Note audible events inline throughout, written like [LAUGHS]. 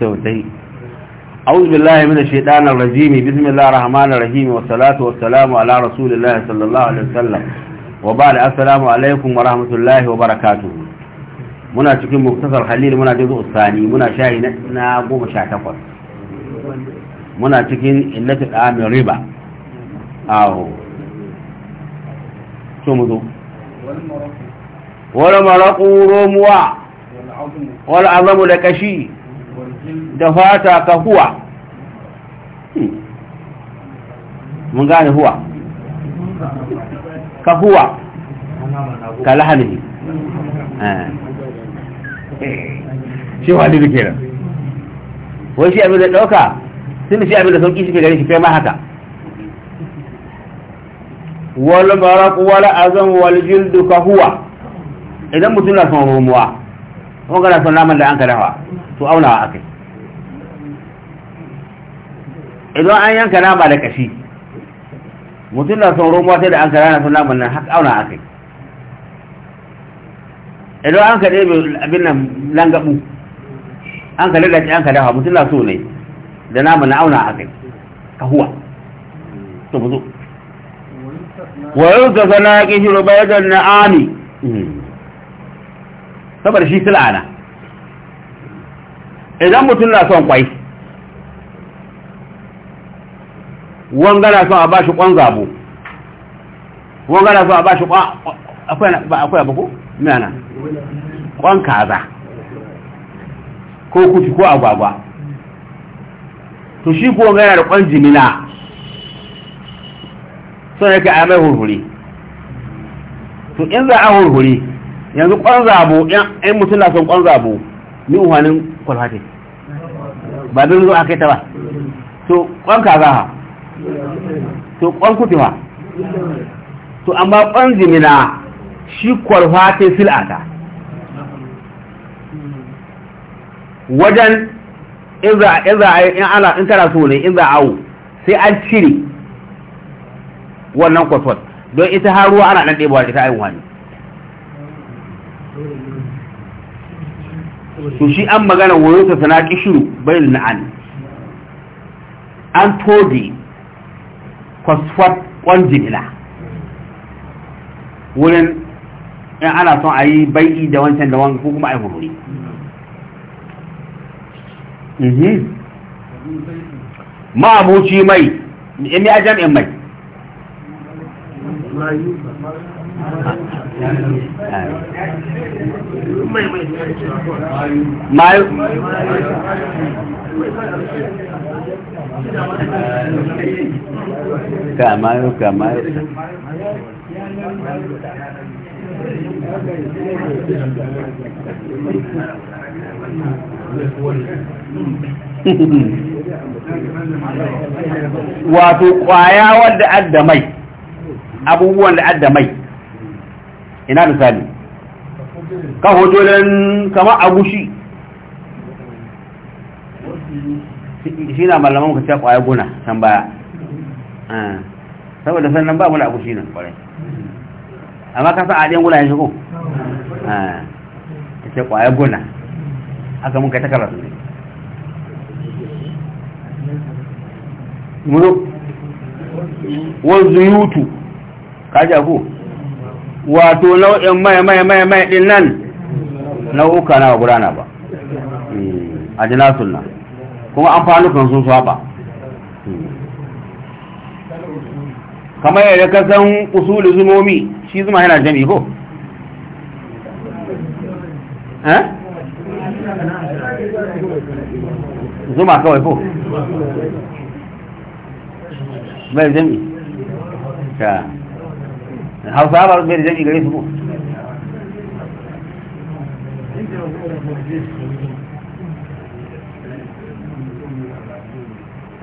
سوتي أعوذ بالله من الشيطان الرجيم بسم الله الرحمن الرحيم والصلاة والسلام على رسول الله صلى الله عليه وسلم وبعد السلام wa rahmatullahi wa وبركاته muna cikin muktasar halil muna da zuwa sani muna shahi na goma sha takwas muna cikin illatul amin riba awo so mu zo wal maraqu rumwa wal azamu da da fata ka huwa mun gane huwa ka huwa ka lahanihi eh. shi wani da kenan wai shi abin da ɗauka sun shi abin da sauki shi ke gare shi kai ma haka wal barak wal azam wal jild ka huwa idan mutum na son rumuwa ko gara son naman da an ka dafa to auna akai idan an yanka nama da kashi mutum na son romuwa sai da an kara na sun naman nan haka auna akai idan an ka ɗebe abin nan langabu an ka lalace an ka dafa mutum na so ne da naman na auna akai kahuwa to buzo wayo wa yau sana ki shi rubai da na'ami saboda shi sila'ana idan mutum na son kwai wangana son a bashi kwan zabo wangana son a bashi kwan akwai abu ko? mana kwan kaza ko kuci ko agwagwa to shi ko yana da kwan jimina sun yake a mai hurhuri to in za a hurhuri yanzu kwan zabo in mutum na son kwan zabo ni uhanin kwalfatin ba don zo a kai ta ba to kwan kaza ha to kwan kutuwa to amma kwan zimina shi kwarfa ta sil'ata wajen in za a in ana in so ne in za awo sai an cire wannan kwaswat don ita haruwa ana ɗan ɗebawa ita ayin wani su shi an magana wayo ta sana ƙishiru bai na'ani an toge phosphate kwanjinila wurin in ana son a yi bai'i da wancan da wancan ko kuma a yi huluri ma'abuci mhm. mai in ya jam'in mai mayu kamayo kamayo wato kwaya wadda adda mai abubuwan da adda mai ina misali ka hoto don kama agushi shi na malaman ka cewa kwaya gona san baya ah. saboda sannan ba mu da abu shi nan kwarai amma ka san adiyan gona ya shigo ka ah. ce kwaya gona aka mun kai ta karatu ne muro wanzu yutu ka abu wato nau'in mai mai mai mai din nan nau'uka na gudana ba hmm. a jinasun nan kuma an amfanukan sun saba kamar yadda ka san usulun zumomi shi zuma yana jami ko? Eh? zuma kawai ko? bai jami ta hausa ba bai jami gare su ko?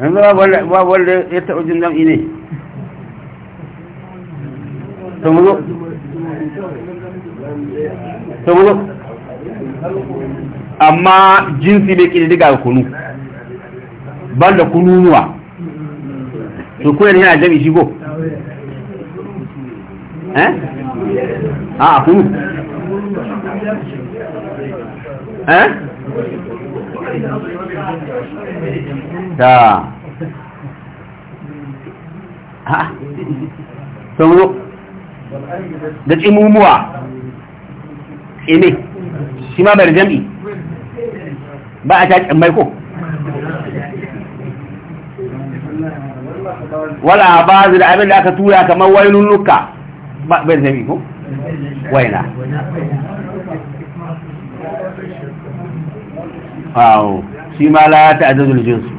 yanzu ba wanda ya taɓa jin jam'i ne tumuzo tumuzo amma jinsi bai ƙididdiga ga kunu ban da kununuwa to kuwa yana jam'i shigo eh a kunu eh ta sauro da tsimumuwa ime eh, shi ma bari jam'i ba a taƙin mai ko wala ba zai da abin da aka tura kamar wainun luka ba bari jam'i ko waina wow shi ma la ta'azzuzul jinsu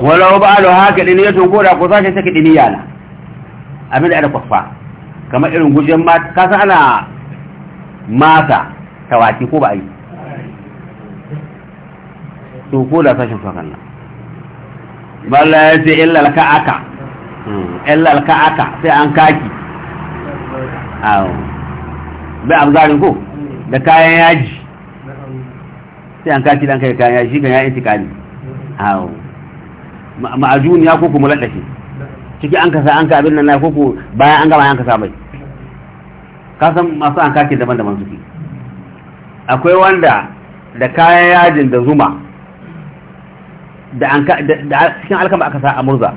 walau ba da haka ɗin ya ko da ku sashe take ya yana abin da ana kwafa kamar irin gujen mata san ana mata tawaki ko ba yi. To ko da sashen fakan nan balla ya ce illal illa hmm, illal aka sai an kaki bai abzarin ko da kayan yaji sai an kaki dan kai kayan yaji shi kan ya intikali awo ma'ajun ya kuma mulaɗashi ciki an kasa an ka abin nan na ko bayan an gama an kasa mai Ka san masu an kake daban-daban suke akwai wanda da kayan yajin da zuma da cikin alkama aka sa a murza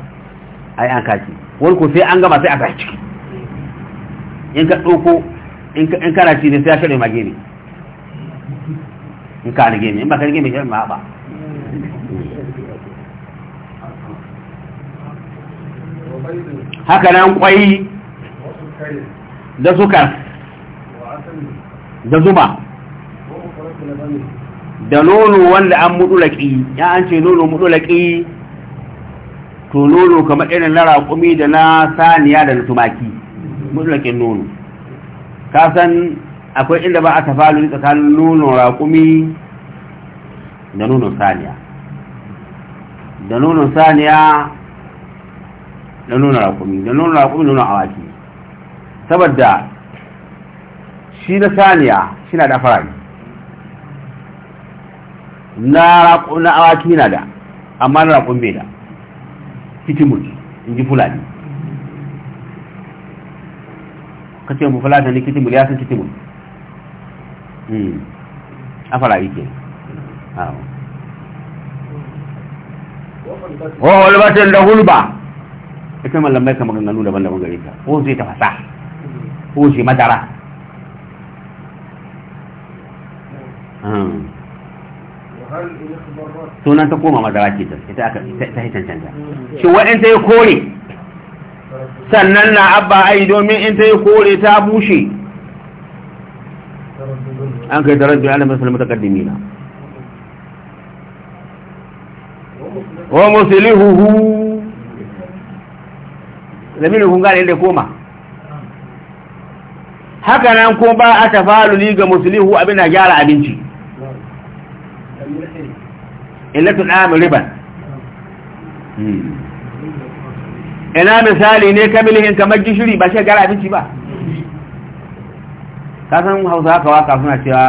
a yi an kaki wani ko sai an gama sai a sa ciki in ka ɗauko in kana ci ne sai ya shaɗe ma in ka ni gini in ba ka ni gini ba haka nan kwai da suka da zuma da nono wanda an mudulaki ya an ce nono mudulaki to nono kamar irin na raƙumi da na saniya da na tumaki mudulakin nono ka san akwai inda ba a tafaluri tsakanin nono raƙumi da nono saniya da nono saniya da nuna rakumi da nuna rakumi nuna awaki saboda shi na saniya shi na da ne na awaki na da amma na rakumi bai da fitimun in ji fulani ka mu ne fitimun ya san kitimul hmm. a farari ke wa da hulba ita malamai kamar nanu daban-daban gare ta ko sai ta fasa ko sai madara hmm. sunan ta koma madara ce ta ita aka ta hitan canta shi wa'in ta yi kore sannan na abba ai domin in ta yi kore ta bushe an kai tarar da alamun musulmi ta kaddimi na wa musulihuhu zamirin kun gane inda koma haka nan ko ba a tafaluli ga musulihu abin da gyara abinci ilatun amin riban hmm. ina misali ne kamilihin kamar gishiri ba shi gyara abinci ba kasan hausa haka waka suna cewa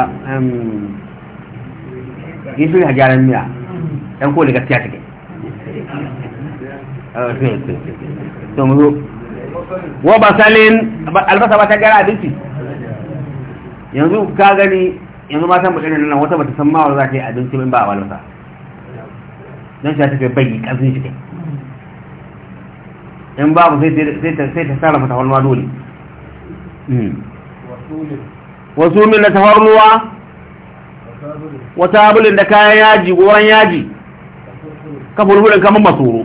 gishiri a gyaran miya yan koli gaskiya take [LAUGHS] oh, to zo wa basalin albasa ba ta gara abinci yanzu ka gani yanzu matan ba irin nan wata bata san ma za ta yi abinci min ba a walasa don shi ta fi bayi ƙarfin shi kai in babu sai ta mata tafarnuwa dole wasu min da tafarnuwa wata abulin da kayan yaji goron yaji kafin hulun kamar masoro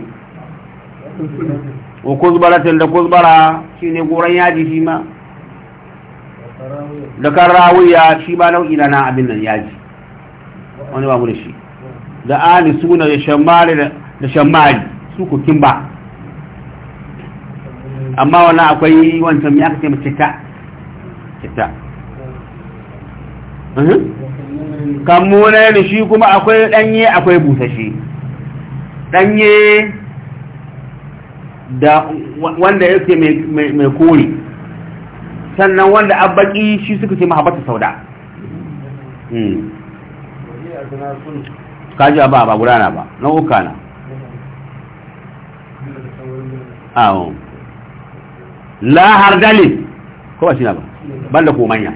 wa kuzbaratin da kuzbara shi ne goron yaji shi ma da karrawuya shi ma nau'i na abin nan yaji wani ba mu da shi da ani suna da shammari da shammari su ku kimba amma wani akwai wancan ya kace mace ta kita kan mu shi kuma akwai danye akwai busashe danye da wanda yake mai kore sannan wanda abbaki shi suka ce mahabbata sauda hmm. kaji ba ba gudana ba na uka na awon lahar dalil ko ba shi na ba banda ko manya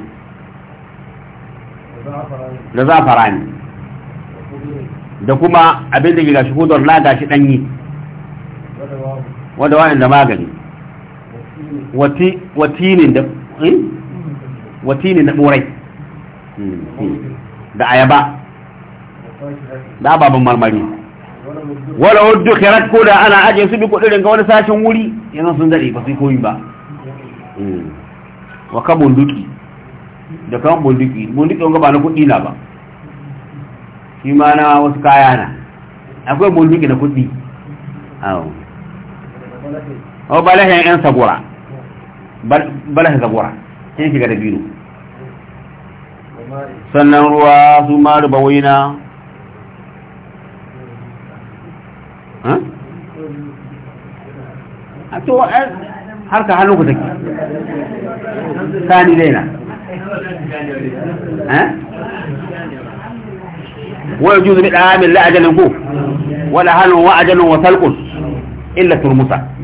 da za fara ne da kuma abin da gashi hudar la gashi danyi wanda wa'in da magani watinin da eh? watinin da ɓorai hmm, hmm. da ayaba da ababen marmari wala wadda kirar ko da ana ajiye su bi kudirin ga wani sashen wuri yanzu sun daɗe ba su koyi ba hmm. wa ka bunduki da kan bunduki bunduki wanga ba na kuɗi na ba shi ma na wasu kaya na akwai bunduki na kuɗi او بلاه ان صبورا بل بلاه صبورا كيف غدا بيرو سنن روا ثم ها اتو ان حركه حلوك ثاني لينا ها ويجوز بالعامل لا اجل ولا هل هو اجل وتلقص الا ترمسا